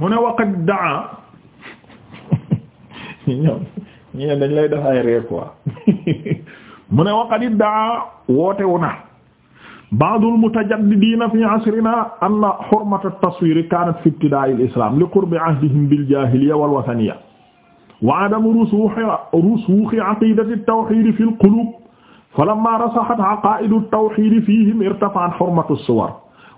mu ne waqad daa ñoom ñi dañ lay def ay réer quoi mu ne waqad daa wootewu na ba'dul mutajaddidiina fi asrina anna hurmata at-taswir kaanat fi ibtidaa'i al-islaam li qurbi ahdihim bil jaahiliyya wal wasaniyya wa adamu rusuuxi rusuuxi aqiidati at-tawhiid fi al-quluub falammaa rasahat aqaa'idu at-tawhiid fiihim irtafa'at hurmatu as-suwar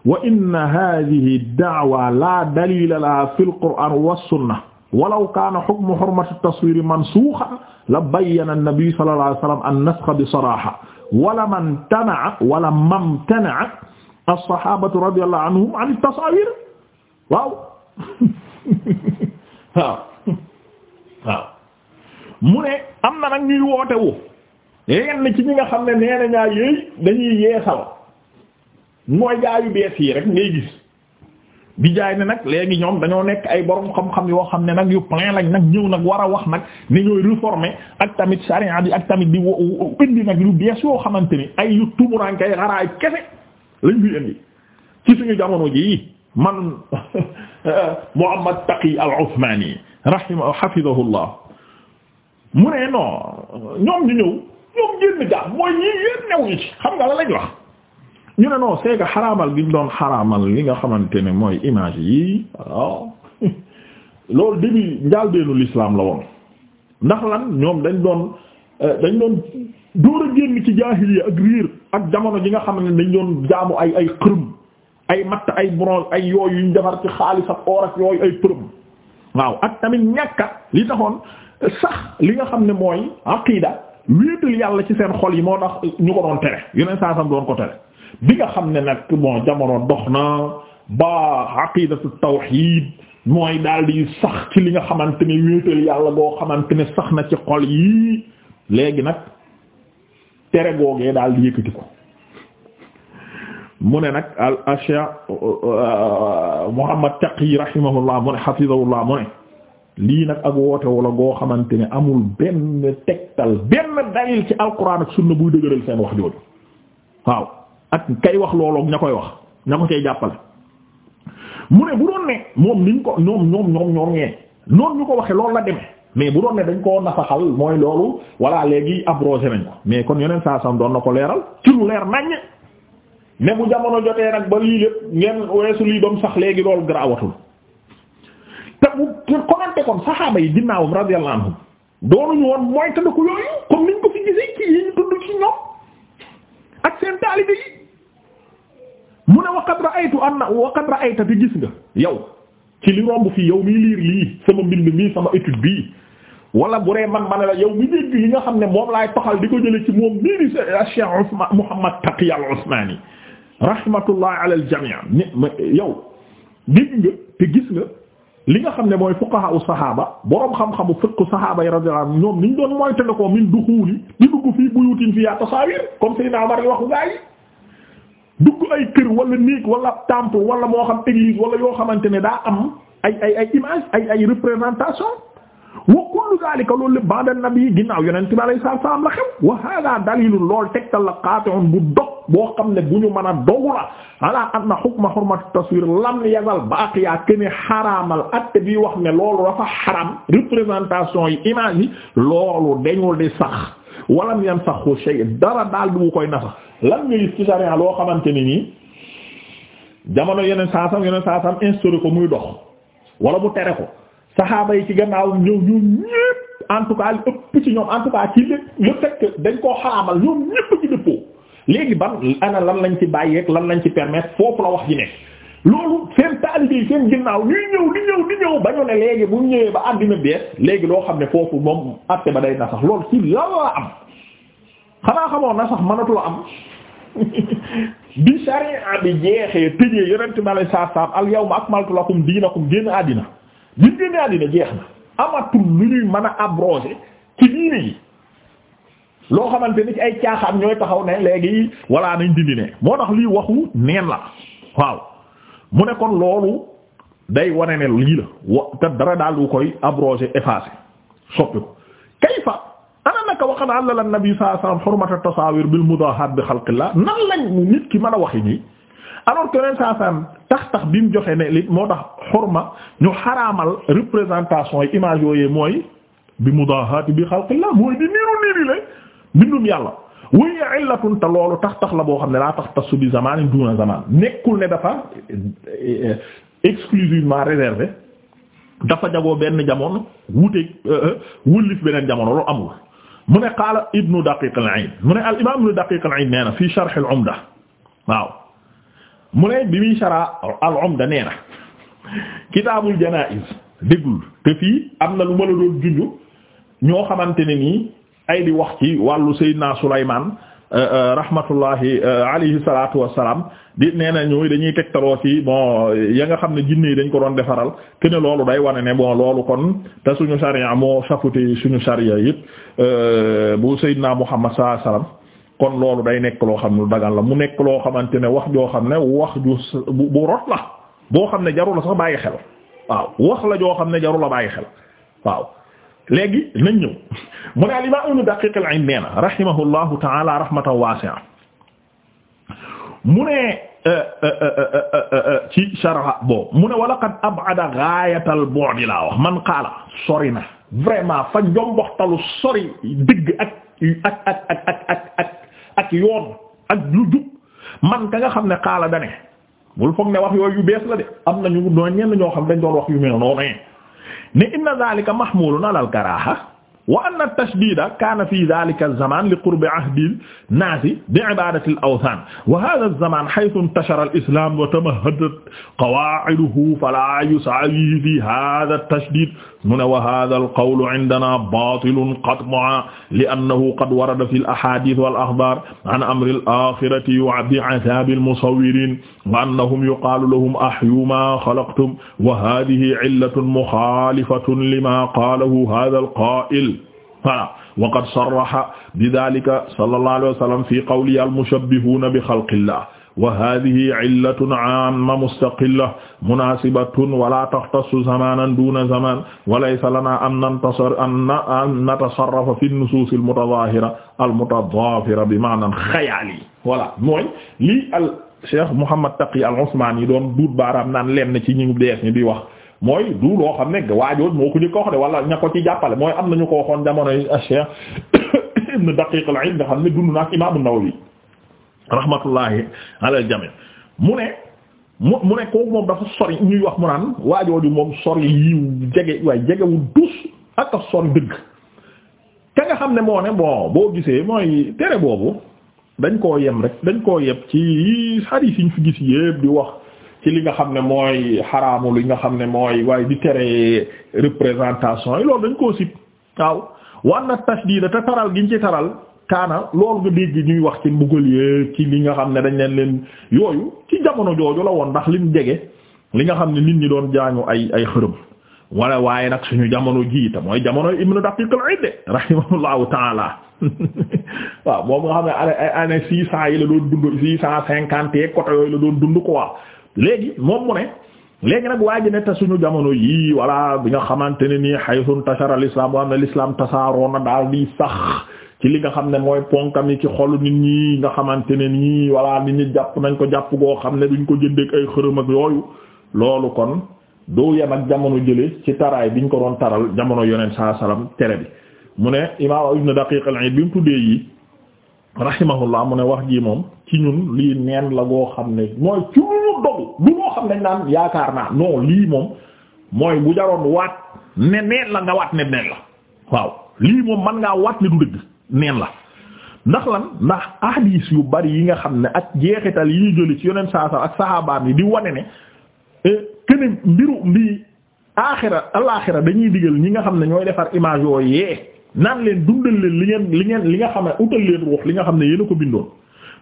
wa inna hadhihi da'wa la dalila laha fil qur'an was sunnah walaw kaana hukmu hurmati taswiri mansukhan la bayyana an-nabi sallallahu alayhi wa sallam an-naskha bi saraha wala man tana'a wala man tana'a as-sahabatu radiyallahu anhum an at-tasawir waaw waaw waaw mu ne am na nag ñuy wootewu yenn ci ñi nga xam ne nee na ñaa yéey dañuy yeesal mooy jaayu bees yi rek ngay gis bi jaay ne nag léegi ñoom dañoo nekk ay borom xam-xam yoo xam ne nag yu plein lañ nag ñëw nag war a wax nag ni ñooy réformer ak tamit charia bi ak tamit nag lu bees yoo xamante ni ay yu tumuranke ay xaraay kese lañ fi indi ci suñu ji man Muhammad Taqi al-Uthmani rahima hafidahullah mu ñu ñëw ñoom génn gaa mooy ñii yéen new xam nga wax ñu ne non c'est que gi ñu doon xaraamal li nga xamante ne mooy image yi waaw loolu début njaaldeenu l'islam la woon ndax lan ñoom dañ doon euh, dañ doon dóor a génn ci yi ak riir ak jamono ji nga xam ne dañ doon jaamu ay ay xërëm ay matt ay bronze ay yooyu yuñ defar ci xaalis ak or yooyu ay përëm waaw ak tamit ñàkkat li taxoon sax li nga xam ne mooy aqida wéetal yàlla ci seen xol yi moo tax ñu ko doon tere yeneen saa sam doon ko tere bi nga xam ne nag bon jamono dox na ba aqidatu tawhid mooy daal di sax ci li nga xamante ne wéetal yàlla goo xamante ne sax na ci xol yii léegi nag tere googee daal di yëkkati ko mu ne nag al asha muhammad taqi rahimahullah mu ne hafizahullah mu ne lii nag ak woote wala goo xamante ne amul benn tegtal benn dalil ci alquran ak sunna buy dëgëral seen wax jooju waaw ak kay wax looloog ña koy wax ña ko cay jàppale mu ne bu doon ne moom niñ ko ñoom ñoom ñoom ñoom ñee noonu ñu ko waxee loolu la demee mais bu doon ne dañ koo nasaxal mooy loolu walla léegi abrogé nañ ko mais kon yeneen saa sam doon na ko leeral ci lu leer nañ ne bu jamono jotee nag ba lii lépp ngeen weesu lii doom sax léegi loolu garaawatul te bu konante kon saxaaba yi ginnaawam radiyallahu anhum doonuñu woon mooy tëdd ko yooyu comme ko fi gisee ci yi ñu tudd mu ne waqad ra'aytu anna waqad ra'ayta te gis nga yow ci li romb fii yow miy liir lii sama mbind mii sama étude bii wala bu dee man ma ne la yow mi dégg li nga xam ne moom laay toxal di ko jële ci moom mii di ah, Cheikh Ousmane Mouhammad Taqi al-Usmani rahmatullah ala al-jami' yow dégg nga te gis nga li nga xam ne mooy fuqaha u sahaaba boroom xam-xamu fiqh sahaaba yi radiyallahu anhum ñoom niñ doon moytandikoo min duxuuli di dugg fii buyutin fiya tasawir comme Seydina Omar yi waxu gaa yi dugg ay kër wala néeg wala temple wala moo xam église wala yoo xamante ne daa am ay ay ay ay ay représentation wa kullu daalika loolu lépp ba'da nabi ginnaaw yonent bi alayhi salaam la xew wa haadaa daliilu lool tegtal la qaati'un bu dog boo xam ne bu ñu mën a dogu la ala anna hukma hurmati taswir lam yazal baaqiya kene xaraamal atte bi wax ne loolu dafa xaram représentation yi image yi loolu dañu di sax. walam yan saxu shay dara daal du koy nasax lan nga gis ci loo xamante ni nii jamono yeneen saasam yeneen saasam instauré ko muy dox wala mu tere ko saxaaba yi ci gannaawum ñëw ñoom ñépp en ëpp ci ñoom en ci lépp le dañ koo xaraamal ñoom ñépp ci dëppoo léegi ban ana lan lañ ci bàyyeek lan lañ ci permetre foofu la wax ji nekk loolu seen taalibe seen ginnaaw ñuy ñëw di ñëw di ñëw ba ñu ne léegi bu ñëwee ba àddina bees léegi loo xam ne foofu moom àtte ba day na sax loolu ci lan am xanaa xamoon na sax mënatula am bi sariya bi jeexee tëjee yonent ma lay saa saam al yawma akmaltu lakum diinakum génn àddina bi génn àddina jeex na amatul lu ñuy mën a abroger ci diine yi loo xamante ni ci ay caaxaan ñooy taxaw ne léegi walla nañ dindi ne moo tax lii waxu neen la waaw mu ne kon loolu day wane ne lii la wa te dara daal du koy abrogé effacé soppi ko kayfa ana naka waqad allala an-nabi sallallahu alayhi wasallam hurmata at-tasawir bil mudahat bi xalqillah nan lañ nit ki man a waxe nii alors que ren saa saan tax tax bi mu joxe ne li moo tax xorma ñu xaraamal représentation yi image yooyu mooy bi mudaahaati bi xalqillah mooy di niiru niiri la bindum yàlla wuye illatun te loolu tax tax la boo xam ne laa tax tasu bi zamanin duna zaman nekkul ne dafa eh, exclusivement réservé dafa jagoo benn jamono wuute eh, eh, wulif beneen jamono loolu amul mu ne qaala ibnu daqiq al-aid mu ne al imam ibnu daqiq al-aid nee na sharh al-umda waaw mu ne bi muy shara al-umda nee na kitaabul janaiz déggul te fii am na lu ma la doon junju ñoo xamante ne nii ay di wax ci wàllu Seydina Sulaymaan euh, euh, rahmatullahi euh, alayhi salaatu wassalaam di nee na ñooy dañuy tegtaloo ci bon ya nga xam ne jinne yi dañ ko doon defaral te loolu day wane ne bon loolu kon te suñu sariya moo safuti suñu sariya yit bu Seydina Muhammad sallallahu alayhi wasallam kon loolu day nekk loo xam ne lu dagan la mu nekk loo xamante ne wax joo xam ne wax ju bu rot la boo xam ne jarul la sax bàyyi xel waaw wax la joo xam ne jarul bàyyi xel waaw léegi nañ ñëw mu ne al-imaam ibnu Daqiiq al-Iid nee na rahimahullahu ta'aala euh, euh, euh, ci sharh bo mu ne wa laqad ab'ada ghaayatal bu'd man qaala sori na vraiment fa njomboxtalu sori digg ak ak ak ak ak ak yoon ak lu man ka nga xam ne qaala dane bul foog ne wax yu bees la de am nañu ñoo ñenn ñoo xam dañ doon wax yu mel noonu ne inna dhalika mahmulun ala al karaha wa anna at-tashdida kana fi dhalika az-zaman li qurbi ahdi an-nasi bi ibadati al-awthan wa hadha az-zaman haythu intashara al-islam wa tamahhadat qawa'iduhu fala yusawi fi hadha at-tashdid mu ne wa hadha al qawlu indana batilun qat'a li annahu qad warada fi al ahadith wal akhbar an amri al akhirati wa bi adhab al musawwirin wa annahum yuqalu lahum ahyu ma khalaqtum wa hadhihi illatun mukhalifatun lima qalahu hadha al qa'il voilà wa qad sarraha bi dhalika sallallahu alayhi wa sallam fi qawli al mushabbihuna bi khalqillah wa hadihi illatun amma mustaqilla munasibatun wala taxtassu zamanan duna zaman walaysa lana an nantasar an natasarrafa fi nusuus al mutadahira al mutadafira bi ma'nan xayaali voilà mooy lii al cheikh Mouhamed Taqi al Usmani doon duut baaraam naan lenn ci ñu dees ñi di wax mooy du loo xam ne waajoon moo ko ñu ko wax de wala ña ko ci jàppale mooy am nañu ko waxoon jamonoy cheikh ibn Daqiq al-Id nga xam ne dund na ak imam an-Nawawi rahmatullahi alal jami mu ne mu mu ne kooku moom dafa sori ñuy wax mu naan waajooju moom sori yiw jege waaye jegewul dus ak a sori dëgg ka nga xam ne moo ne bon boo gisee mooy tere boobu dañ koo yem rek dañ koo yeb ci xadiis yi ñu fi gis yépp di wax ci li nga xam ne mooy xaraamu li nga xam ne mooy waaye di tere représentation yi loolu dañ koo sib waaw war na te taral giñ ci taral kaana loolu nga dégg ñuy wax ci mbugal yee ci li nga xam ne dañ leen leen yooyu ci jamono jooju la woon ndax lim jege li nga xam ne nit ñi doon jaañu ay ay xërëm wala waaye nag suñu jamono jii te mooy jamono ibnu daqiq al-iid rahimahullahu taala waaw moom nga xam ne ay année six cent yi la doon dund six cent cinquante yeeg côté yooyu la doon dund ko waa léegi moom mu ne léegi nag waa ji ne te suñu jamono yii voilà bi nga xamante ne nii haythu tashara al islam wa am ne l'islam tasaaroo na daal di sax ci li nga xam ne mooy ponkam yi ci xolu nit ñi nga xamante ne nii walla nit ñi jàpp nañ ko jàpp goo xam ne duñ ko jëndeek ay xërëm ak yooyu loolu kon doo yem ak jamono jële ci taraay ñu ko doon taral jamono yonent saa salaam tere bi mu ne imaam ibn Daqiq al-Eid bi mu tuddee yi rahimahullah mu ne wax jii moom ci ñun lii neen la goo xam ne mooy ci lu dogu du loo xam nañ naan yaakaar naa non lii moom mooy bu jaroon waat ne neen la nga waat ne neen la waaw lii moom mën ngaa waat ne du dëgg neen la ndax lan ndax ahadis yu bari yi nga xam ne ak jeexital yi ñu jëli ci yoneen saa ak saxaabaam yi di wane ne këne eh, mbiru mbi aaxira alaaxira dañuy digal ñi nga xam ne ñooy defar image yooyu yee naan leen dundal leen li ngeen li ngeen li nga xam ne utal leen ruux li nga xam ne yéen ko bindoon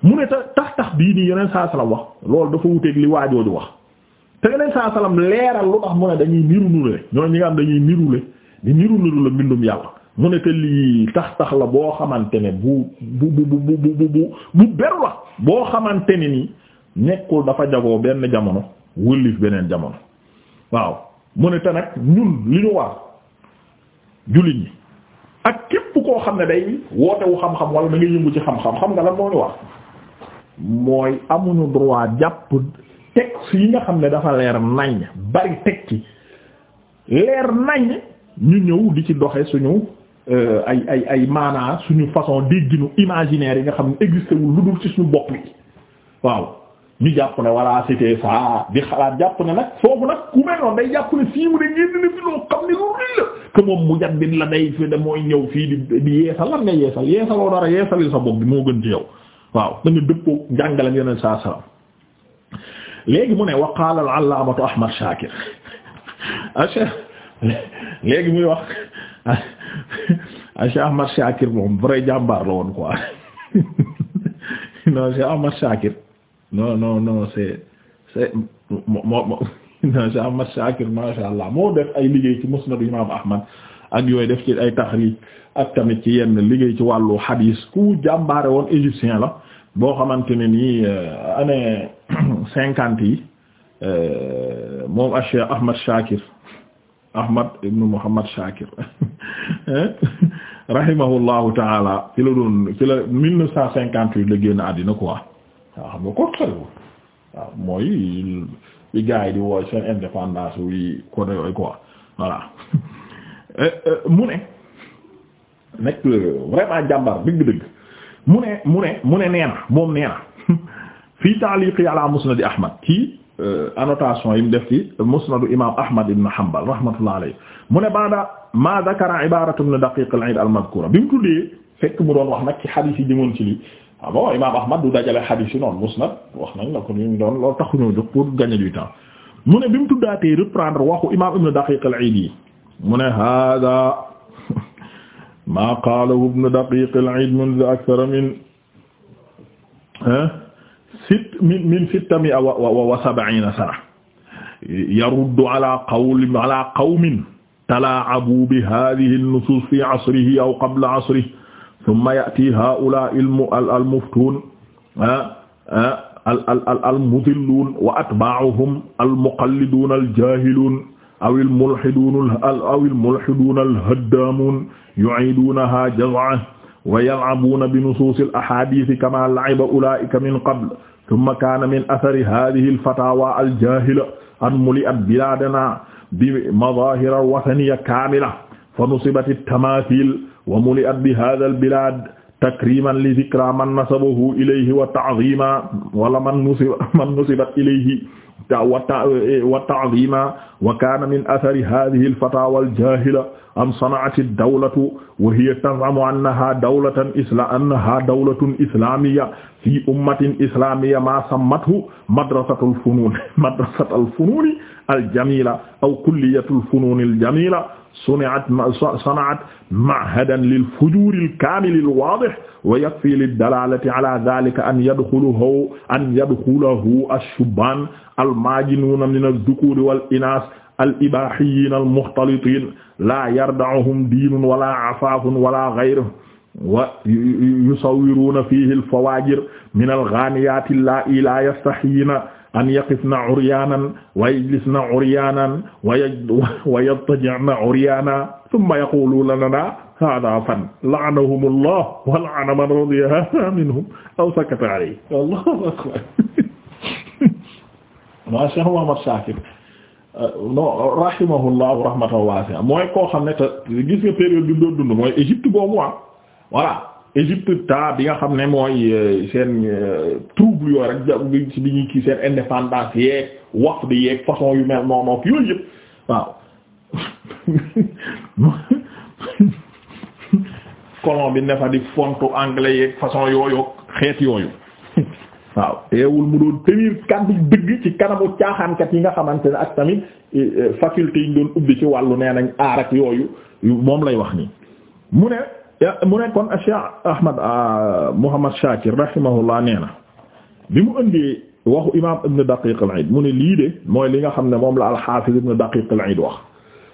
mu ne tax tax bii nii yeneen saa salaam wax loolu dafa wuteeg li waajooju wax te yeneen saa salaam leeral lu tax mu ne dañuy niru nurule ñooñu ñi nga xam dañuy nirule di mu ne que lii tax tax la boo xamante ne bu bu bu bu bu beru la boo xamante ni nekkul dafa jagoo benn jamono wëllif beneen jamono waaw mu ne te nag ñun li ñu war jullit ñi ak képp koo xam ne day wootewu xam-xam wala da yëngu ci xam-xam xam nga la moo ñu wax mooy amuñu droit jàpp texte yi nga xam ne dafa leer nañ bari teg ci leer nañ ñu ñëw di ci doxe suñu Euh, ay ay ay maanaa suñu façon dégginu imaginaire yi nga xam ne existé wul lu dul ci suñu bopp yi waaw ñu jàpp ne voilà c'était ça di xalaat jàpp ne nag foofu nag ku mel noonu day jàpp ne fii na fi loo xam ne moom mu jaddit la day fi da fii di di yeesal lan nga yeesal yeesaloo dara yeesalil sa bopp bi moo gën ci yow waaw da nga dëppoo njàngale yeneen saa salaam léegi mu ne wa qaala al ah, wax. Ah, Cheikh Ahmad Shakir moom vrai jàmbaar la woon quoi non Cheikh Ahmad Shakir non non non c'est c'est moo moo Ahmad Shakir masha Allah moo def ay liggéey ci musnad imam Ahmad ak yooyu def ci ay taxrij ak tamit ci yenn liggéey ci wàllu hadis ku jàmbaare woon égyptien la boo xamante ne nii euh, année cinquante yi euh, moom Cheikh Ahmad Shakir Ahmad ibn Muhammad Shakir rahimahullahu taala ci la doon ci la mille neuf cent cinquante-huit la génn àddina quoi waaw ko xelul waaw mooy bi gars di wooy seen indépendance wi côté yooyu quoi eh, eh, mu ne nekk vraiment jàmbar dëgg-dëgg mu ne mu ne mu ne nee moom nee fii taaliqi ala musnad Ahmad kii Euh, annotation yi mu def ci musnadu imam ahmad ibn hanbal rahmatullah alayhi mu ne baada ma zakara ibaratu ibn daqiq al-eid al-madhkura bi mu tuddee fekk mu doon wax nag ci xadiis yi jëmoon ci li ah bon imam ahmad du dajale xadiis yi noonu musnad wax nañ la ko ñu doon loolu taxuñoo jóg pour gagner du temps mu ne bi mu tuddaatee reprendre waxu imam ibn daqiq al-eid yi mu ne hada ma qaalahu ibn daqiq al-eid mundu akthar min sit min min sittami wa wa wa sab'iina sana yaruddu ala qawli ala qawmin talaa'abu bi haadihi an-nusuus fi asrihi aw qabla asrihi thumma ya'tii haa'ulaa'i al-muftuun al-mudilluun wa atbaa'uhum al-muqalliduun al-jaahiluun aw al-mulhiduun aw al-mulhiduun al-haddaamuun yu'iiduunahaa jaz'an wa yal'abuuna bi nusuusi al-ahaadiisi kamaa la'iba ulaa'ika min qabl tumma kaana min athari hadhihi al-fatawa al-jahila an muli'at biladana bi madahira wathaniya kamila fa nusibat at-tamathil wa muli'at bi hadha al-bilad takriman li dhikra man nasabahu ilayhi wa ta'zima wala man nusiba man nusibat ilayhi wa ta'zima wa kana min athari hadhihi al-fatawa al-jahila an sana'at ad-dawlatu wa hiya taz'amu annaha dawlatan isla annaha dawlatun islamiyya fi ummatin islamiyya ma sammathu madrasatul funun madrasatul funun al jamila aw kulliyatul funun al jamila suni'at sana'at ma'hadan lil fujuril kaamilil waadih wa yakfi lid dalalati ala dhalika an yadkhuluhu an yadkhulahu ash-shubban al majnun min ad-dhukuri wal inas al ibahiyyin al mukhtalitin la yarda'uhum dinun wala afaafun wala ghayruhum wa yusawwiruuna fiihi al-fawaajir min al-ghaaniyaati allaatii laa yastahiyiina an yaqifna uryaanan wa yajlisna uryaanan wa yattaji'na uryaanan thumma yaquluuna lanaa haadaa fan la'anahumullaah wa la'ana man radiya minhum aw sakata alayhi allaahu akbar maa Cheikh Muhammad Shaakir uh, non rahimahullahu rahmatan waasi'a mooy koo xam ne te gis nga période bi doon dund mooy Égypte boobu ah voilà Égypte temps bi nga xam ne mooy euh, seen euh, trouble yooyu rek ja ci bi ñuy kii seen indépendance yeeg waf di yeeg façon yu mel moom ak yooyu yëpp waaw colon bi ne fa di fontu anglais yeeg façon yooyu xeet yooyu waaw teewul mu doon tenir kàddu dëgg ci kanamu caaxaankat yi nga xamante ne ak tamit faculté yi ñu doon ubbi ci wàllu nee nañ aar ak yooyu moom lay wax nii mu ne. mu ne kon Cheikh Ahmad ah, Muhammad Shakir rahimahullah nee na mu ëndee waxu imaam Ibn Daqiq al mu ne lii de mooy li nga xam ne moom la al-Hafiz Ibn Daqiq al wax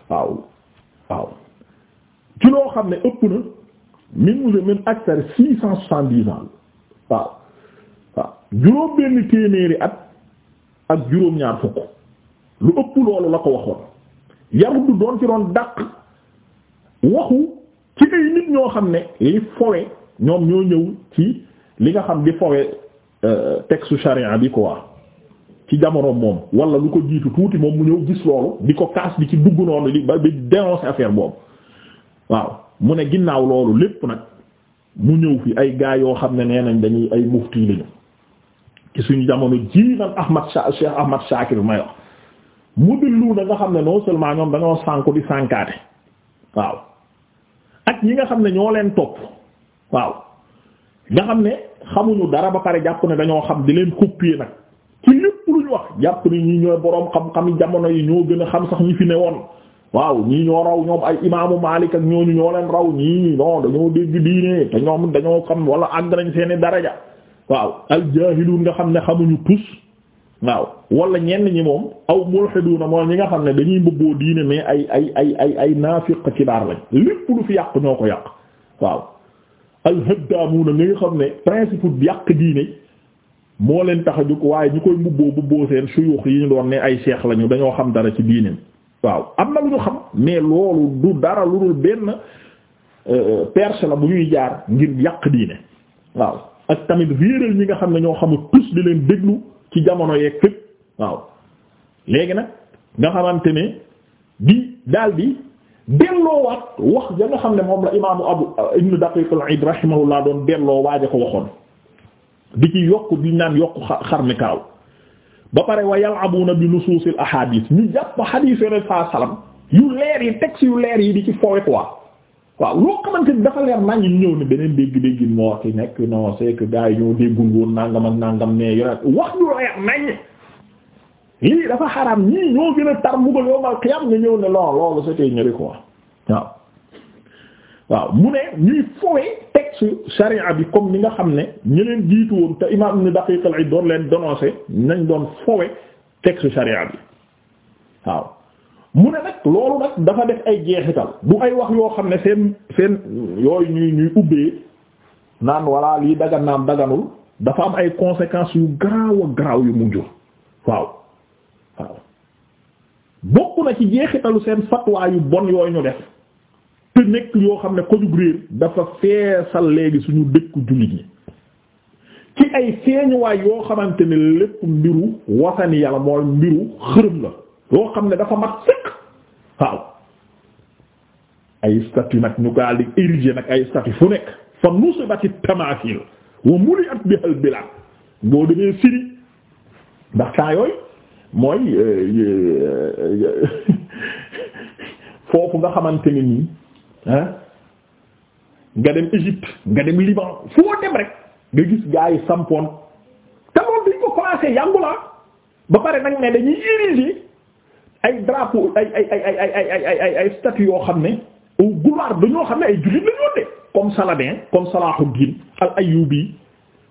waaw waaw ci loo xam ne ëpp na min min akthar six cent soixante-dix ans waaw waaw juróom benn téeméeri ak juróom ñaar fukk lu ëpp loolu la ko waxoon yarut doon ci doon dàq waxu ci ay nit ñoo xam ne yi fowe ñoom ñoo ñëw ci li nga xam di fowe euh, texte charia bi quoi ci jamono moom wala lu ko jiitu tuuti moom mu ñëw gis loolu di ko kaas bi ci dugg noonu di ba di dénoncer affaire boobu waaw mu ne ginnaaw loolu lépp nag mu ñëw fi ay gaa yoo xam ne nee nañ dañuy ay mufti lañu ci suñu jamono ji nag Ahmad Sha Ahmad Shakir may wax mu dillu na nga xam ne non seulement ñoom dañoo sànku di sànkaate waaw ñi nga xam ne ñoo leen topp waaw nga xam ne xamuñu dara ba pare jàpp ne dañoo xam di leen copier nag ci lépp lu ñu wax jàpp ne ñi ñooy boroom xam-xam jamono yi ñoo gën a xam sax ñi fi ne woon waaw ñii ñoo raw ñoom ay imaamu Maalik ak ñooñu ñoo leen raw ñii non dañoo dégg diine te ñoom dañoo xam wala àgg nañ seeni daraja waaw al nga xam ne xamuñu tus waaw wala ñenn ñi moom aw mulhiduna mooy ñi nga xam ne dañuy mbubboo diine mais ay ay ay ay ay naafiq kibaar lañ lépp lu fi yàq ñoo ko yàq waaw al haddaamuuna na nga xam ne principe bi yàq diine moo leen tax a jóg waaye ñu koy mbubboo mbubboo seen suyuux yi ñu doon ne ay seex lañu dañoo xam dara ci diine waaw am na lu ñu xam mais loolu du dara lu dul benn euh, perche la bu ñuy jaar ngir yàq diine waaw ak tamit réeral ñi nga xam ne ñoo xamul tous di leen déglu ci jamono yeeg fépp waaw léegi nag nga xamante ni di daal di delloowaat wax ja nga xam ne moom la imaamu abu ibnu daqiq al-id rahimahullah doon delloo waaja ko waxoon di ci yokk di naan yokk xar xarmi karaw ba pare wa yal'abuna bi nusuusil ahadis ñu jàpp xadiis yoneen saa salam yu leer yi texte yu leer yi di ci foowe quoi waaw loo xamante ni dafa leer nañu ñëw ne beneen dégg-dégg moo ki nekk non c'est que gars yi ñoo déggul woon nangam ak nangam nee yore wax ñu dafa xaraam ñii ñoo gën a tar ñëw ne loo loolu c'était ñëri quoi waaw waaw mu ne ñuy fowee texte sharia bi comme ni nga xam ne ñu leen jiitu woon te imam Ibn Daqiq al doon leen dénoncé nañ doon fowee texte sharia bi waaw mu ne nag loolu nag dafa def ay jeexital bu ay wax yoo xam ne seen seen yooyu ñuy ñuy ubbee naan walla lii dagan naam daganul dafa am ay conséquences yu garaaw ak garaaw yu mujj waaw waaw bokk na ci jeexitalu seen fatwa yu bon yooyu ñu def te nekk yoo xam ne kojug réer dafa feesal léegi suñu dëkku jullit ñi ci ay feeñuwaay yoo xamante ne lépp mbiru wasani yàlla mooy mbiru xërëm la loo xam ne dafa mat sëkk waaw ay statue nag ñu gaal di érigé nag ay statue fu nekk fa nusibati tamasil wa muliat bihal bilad boo demee Syrie ndax taa yooyu mooy euh, euh, foofu nga xamante ni nii ah nga dem Égypte nga dem Liban foo dem rek nga gis gaa yi sampoon te moom duñ ko commencé yàngu ba pare nag ne dañuy érigé ay drapeau ay ay ay ay ay ay ay ay statue yoo xam ne au gulaar dañoo xam ne ay jullit la ñoon de comme Saladin comme Salahuddin al Ayyubi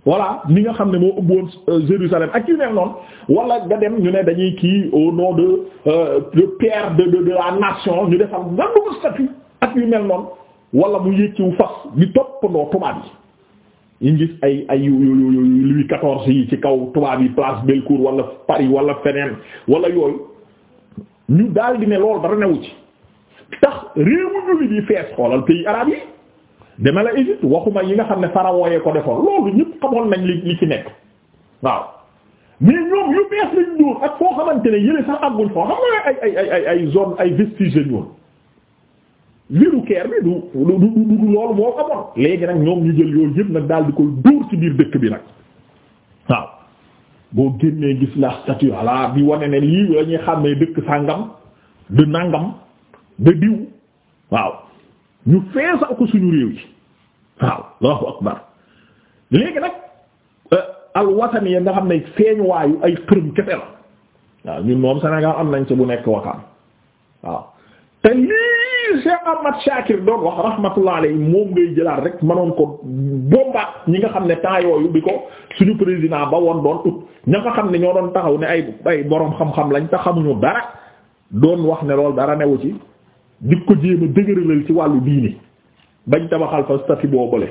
voilà ni nga xam ne moo ëbboon euh, Jérusalem ak yu mel noonu wala nga dem ñu dañuy kii au nom de euh, le la nation ñu defal ngandu ko yu mel noonu wala mu yëkkiwu fas di toppandoo tubaab yi yi ngis ay ay Louis quatorze yi ci kaw tubaab yi place Bellecour wala Paris wala feneen wala yooyu ñu daal di ne loolu dara newu ci tax réewu jullit yi fees xoolal pays arab yi deme la Égypte waxuma yi nga xam ne pharaon yee defoon loolu ñëpp xamoon nañ li li ci nekk waaw mais ñoom yu bees lañ dóor ak foo xamante ne yële sax àgguñ foo xam nga ay ay ay ay ay zone ay vestige lañ viru keer bi du du du du loolu moo xamoon léegi nag ñoom ñu jël yooyu yëpp nag daal koy dóor ci biir dëkk bi nag waaw boo génnee gis la statue voilà bi wane ne lii la ñuy xam ne dëkk sàngam de nàngam de diw waaw ñu feesal ko suñu réew yi waaw allahu akbar léegi nag euh, alwatani ya nga xam ne feeñuwaayu ay xërëm kese la waaw ñun moom Sénégal am nañ ci bu nekk waxaan waaw te lii Cheikh Ahmad Shakir doon wax rahmatullah moom ngay jëlaat rek manoon ko bombaat ñi nga xam ne temps yooyu bi ko suñu président ba woon doon ut ña nga xam ne ñoo doon taxaw ne ay ay boroom xam-xam lañ te xamuñu dara doon wax ne loolu dara newu ci di ko jéem a ci wàllu diini bañ tabaxal fa statut boobule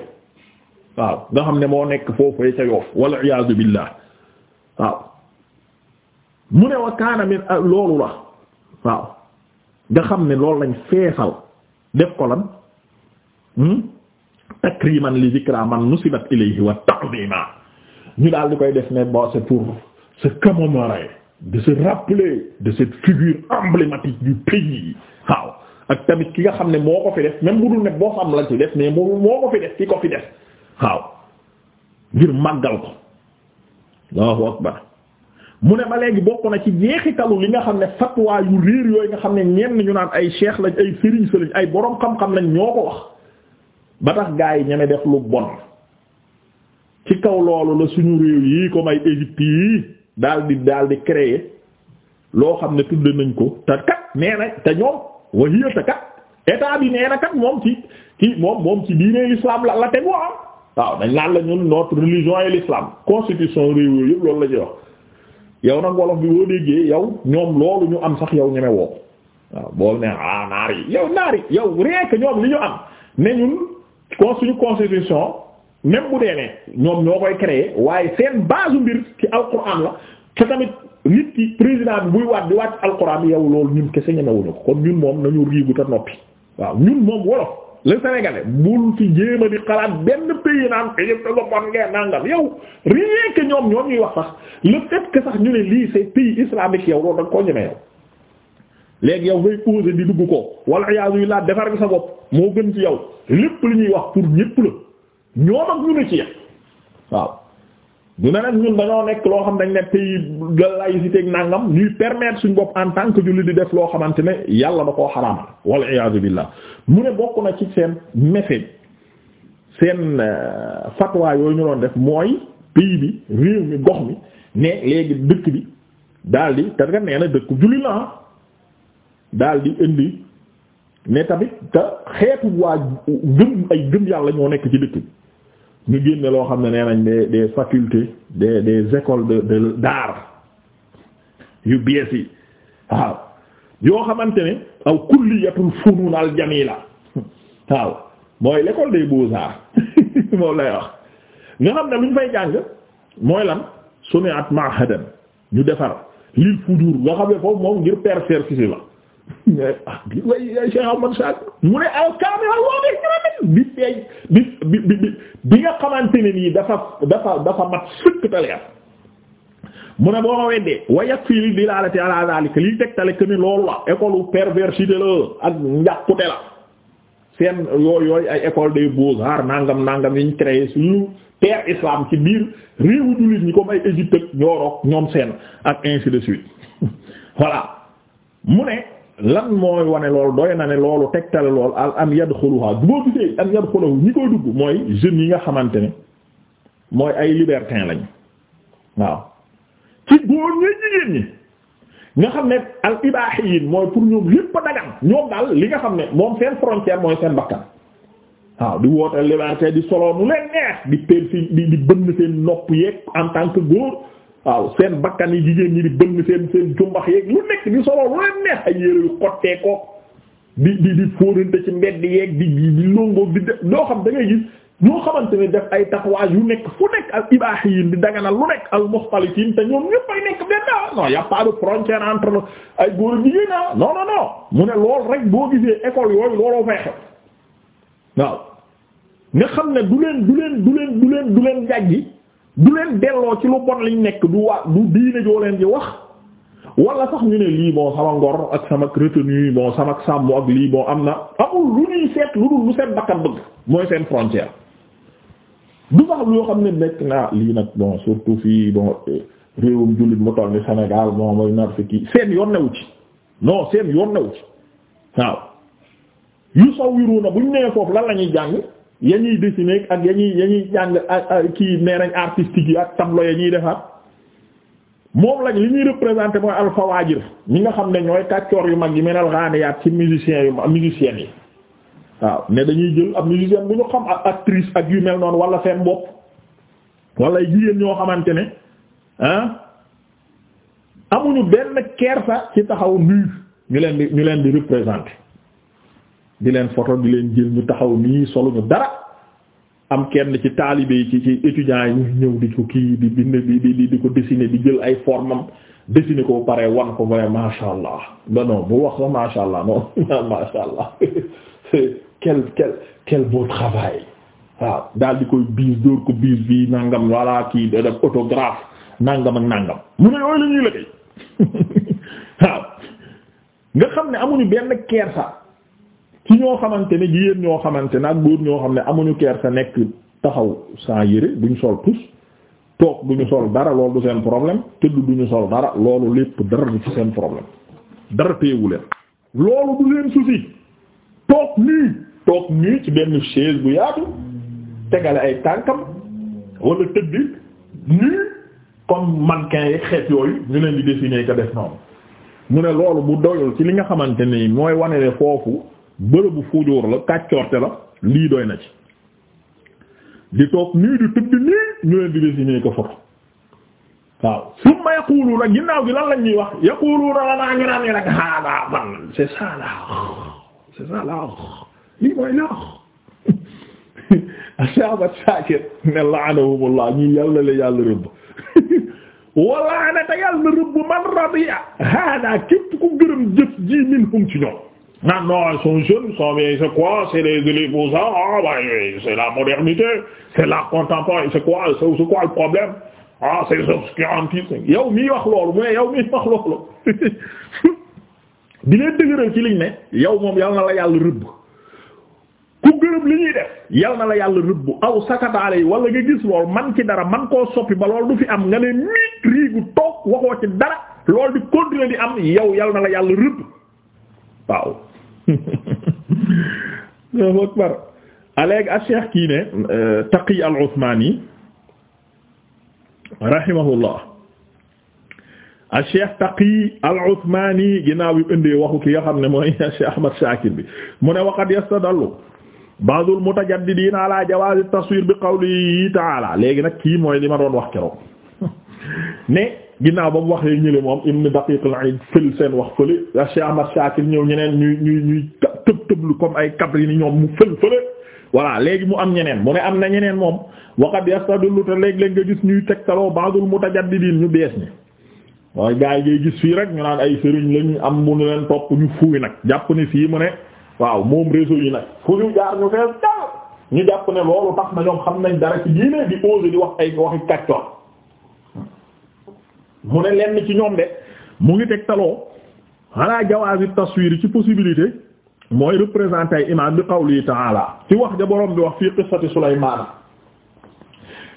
waaw nga xam ne moo nekk foofu ca yoof wal iyaazu billah mu ne wa loolu la waaw nga xam ne loolu lañ feesal def ko lan hmm? takriman li zikra man nusibat ilayhi wa ta'zima ñu daal di koy def ne bon pour se commémorer de se rappeler de cette figure emblématique du pays waaw ak tamit ki nga xam ne moo ko fi def même bu dul ne boo xam la ci def mais moo moo ko fi def ki ko fi def waaw ngir màggal ko Allahu akbar mu ne ba léegi bokk na ci jeexitalu li nga xam ne fatwa yu réer yooyu nga xam ne ñenn ñu naan ay cheikh lañ ay sëriñ sa lañ ay boroom xam-xam lañ ñoo ko wax ba tax gaa yi ñeme def lu bon ci kaw loolu la suñu réew yi comme ay Égypte yi daal di daal di créer loo xam ne tudd nañ ko te kat nee na te ñoom wa hiya te kat état bi nee na kat moom ci ci moom moom ci diine l'islam la la tegu am ah. waaw dañ naan la ñun notre religion et l'islam constitution réew loolu la ci wax yow nag wolof bi boo déggee yow ñoom loolu ñu am sax yow ñeme woo waaw bool ne ah naar yi yow naar yi yow rien que ñoom li ñu am ne ñun kon suñu constitution même bu dee ne ñoom ñoo koy créer waaye seen base mbir ci alquran la te tamit nit ki président bi buy waat di waat alquran yow loolu ñun kese ñemewuñu ko kon ñun moom nañu riigu te noppi waaw ñun moom wolof. le sénégalais bul fi jéem a di xalaat benn pays naan Égypte ko bon ngeen yow rien ñoom ñoom ñuy wax sax le fait que sax ñu ne lii c'est pays islamique yow loolu da nga koo ñeme yow léegi yow ngay osé di dugg ko wala yaasu yi laa defar gi sa bopp moo gën ci yow lépp lu ñuy wax pour ñépp la ñoom ak ñu ne ci yàq waaw du ne nag ñun dañoo nekk loo xam dañ ne pays la laïcité ak nangam ñuy permettre suñ bopp en tant que jullit di def loo xamante ne yàlla da koo xaraamal wal iyaazu billah mu ne bokk na ci seen message seen euh, fatwa yooyu ñu doon def mooy pays bi réew mi gox mi ne léegi dëkk bi daal di te nga nee na dëkk jullit la daal di indi ne tamit te xeetu waa gëm ay gëm yàlla ñoo nekk ci dëkk bi. ñu génne loo xam ne nee nañ des des facultés des des écoles de de d'art yu bees yi waaw yoo xamante ne aw kulliyatul funun al jamila waaw mooy l'école des beaux-arts moom lay wax nga xam ne lu ñu fay jàng mooy lan su sunniat mahadan ñu defar lil fudur nga xam ne foofu moom ngir perversité la ah bii way Cheikh Ahmad Saad mu ne alkaamil alwaadih kaamil bi feeñ bi bi bi bi nga xamante ne nii dafa dafa dafa mat sëkk taleer mu ne boo ma weddee wa yakfi li dilalati ala zalika liy tegtale que ni loolu la école perversité ay école des beaux-arts nangam nangam yiñ créé suñu terre islam ci biir réewu jullit ñi comme ay Égypte ak ñoorook ñoom seen ak ainsi de suite voilà mu ne lan mooy wane loolu doy na ne loolu tegtale lool al an yadxuluha bu boo gisee an yadxuluhu ñi koy dugg mooy jeunes yi nga xamante ne mooy ay libertin lañ waaw ci góor ñi jigéen ñi nga xam ne al ibaahiyin mooy pour ñoom lépp dagan ñoom daal li nga xam ne moom seen frontière mooy seen bakkan waaw di woote liberté di solo nu leen neex di pel di bënn seen nopp yeeg en tant que góor waaw seen bakkan yi jigéen ñi di bënn seen seen jumbax yeeg lu nekk di solo lu leen neex ay yére yu xottee ko di di di fóorante ci mbedd yeeg di di longoog di def loo xam da gis def ay tatouage yu nekk fu nekk al ibaahiyin nekk ñoom ñëpp ay nekk benn ah non y a frontière entre ay góor ak jigéen ah non non non mu ne lool rek boo gisee école yooyu looloo fay xew waaw nga xam ne du leen du leen du leen du leen du leen jàjji du leen delloo ci lu bon liñ nekk du waa du diine joo leen di wax wala sax ñu ne lii bon sama ngor ak sama retenue bon sama sàmm ak lii bon am na amul lu ñuy seet lu dul lu seen bakkan bëgg mooy seen frontière du sax loo xam ne nekk naa lii nag bon surtout fii bon eh, réewum jullit mu toll ni Sénégal bon mooy nar fi kii seen yoon newu ci non seen yoon newu ci waaw yu saw wiru na buñ nee foofu lan la ñuy jàng ya ñuy dessiner ak ya ñuy ya ñuy jàng kii nee nañ artistique yi ak tableau ya ñuy defar moom lañ li ñuy représenter mooy alfawaajir ñi nga xam ne ñooy tàccoor yu mag yi menal raaniyaat ci musiciens yu musiciens yi waaw ne dañuy jël ab musicien bu ñu xam ak actrice ak yu mel noonu wala seen bopp wala jigéen ñoo xamante ne ah amuñu benn kersa ci taxaw nu ñu leen di ñu leen di représenter di leen photo di leen jël ñu taxaw nii soluñu dara am kenn ci taalibe yi ci ci étudiants yi ñu ñëw di ko kii di bind di di di ko dessiner di jël ay formam dessiner ko pare wan ko vrai masha allah non bu wax sax masha allah non masha allah quel quel waaw daal di koy biis dóor ko biis bi nangam voilà kii da def autographe nangam ak nangam mu ne yooyu la ñuy waaw nga xam ne amuñu benn kersa ci ñoo xamante ne jigéen ñoo xamante ne ak góor ñoo xam ne amuñu keer sa nekk taxaw sans yére duñ sol tus toog duñu sol dara loolu du seen problème tëdd duñu sol dara loolu lépp dara du ci seen problème dara teewu leen loolu du leen souci toog nii toog nii ci benn chaise bu yaatu tegale ay tànkam wala tëdd nii comme mannequin yi xeet yooyu ñu leen di dessiner ka def noonu mu ne loolu bu doyul ci li nga xamante ni mooy wane ne foofu bërëbu fuujoor la kàccoorte la lii doy na ci di toog nii di tëdd nii ñu leen di dessiné ko foto waaw summa yaquluuna ginnaaw gi lan lañ ñuy wax yaquluuna lanaa ngi naan rek hada man c'est ça là c'est ça là lii mooy là ashabat shakir ne la'anahumullah ñi yàlla la yàlla rëbb wala na te yàlla rëbb man radiya hada képp ku gërëm jëf ji minhum ci ñoom non non ils sont jeunes, ils sont ah, la modernité c'est l'art contemporain c'est quoi c'est quoi le problème ah yow mii wax loolu mais yow mii wax loolu di leen dëgëral ci liñ ne yow moom yal na la yàlla rëbb ku gërëm li ñuy def yal na la yàlla rëbb aw sakataale yi wala nga gis man ki dara man koo soppi ba loolu du fi am nga ne miit riigu toog waxoo ci dara loolu di continuer di am yow yal na la yàlla rëbb Allahu akbar aléegi a cheikh kii ne Taqi al-Usmani rahimahullah a cheikh Taqi al-Usmani ginnaaw yu indee waxu ki nga xam ne mooy cheikh Ahmad Shakir bi mu ne waqad yastadallu ba'du al-mutajaddidiin ala jawaaz at-taswiir bi qawlihi ta'aala léegi nag kii mooy li ma doon wax keroog ne ginnaaw ba mu waxee ñële moom ibn Daqiq al-Id fël seen wax fële Cheikh Ahmad ñëw ñeneen ñuy ñuy ñuy tëb tëblu comme ay kabri ni ñoom mu fël fële voilà léegi mu am ñeneen mu ne am na ñeneen moom waqad yastadullu te léeg-léeg nga gis ñuy tegtaloo ba'dul mutajaddidin ñu bees ñi waaye gars yi ngay gis fii rek ñu naan ay sëriñ lañu am mu nu leen topp ñu fuuy nag jàpp ne fii mu ne waaw moom réseau yi nag fu ñu jaar ñu fees ñu jàpp ne loolu tax na xam nañ dara di osé di wax ay waxi kàccoor mu ne lenn ci ñoom mu ngi teg taloo ala jawaazi taswir ci possibilité mooy représenter imam bi qawli ta'ala ci wax ja boroom bi wax fii qissati Sulaymaan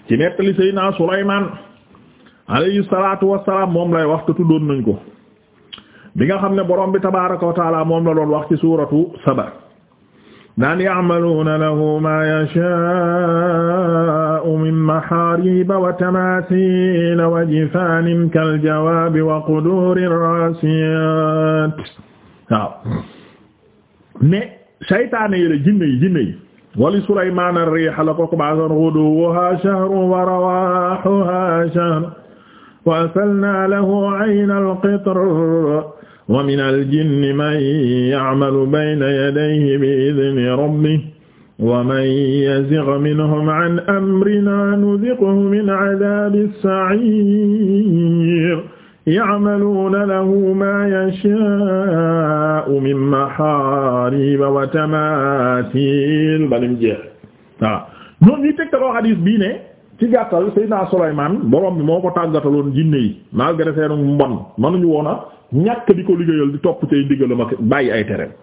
ci nettali Seydina Sulaymaan alayhi salaatu wassalaam moom lay wax te tuddoon nañ ko bi nga xam ne borom bi tabaaraka wa moom la doon wax ci suuratu Saba naan ya'maluuna lahu maa yashaa'u min mahaariba wa tamaathiila wa jifaanin kaljawaabi wa quduurin raasiyaat waaw mais saytaane yi la jinne yi jinne yi wali Sulaymaan ar-riiha la ko commencé ghuduwwuhaa shahrun wa rawaahuhaa shahrun wa asalnaa lahu ayna al-qitr wa min aljinni man ya'malu bayna yadayhi bi idni rabbihi wa man yazigh minhum an amrina nudhiqhu min adhabi as-sa'ir ya'maluna lahu ma yasha'u min mahariba wa tamathil balim jeex waaw ñoom ñi tegtaloo hadis bii ne ci gàttal Seydina Sulaymaan borom bi moo ko tàggataloon jinne yi malgré seen mbon manuñu woon a ñàkk di ko liggéeyal di topp ci ay ndigalam ak bàyyi ay tereem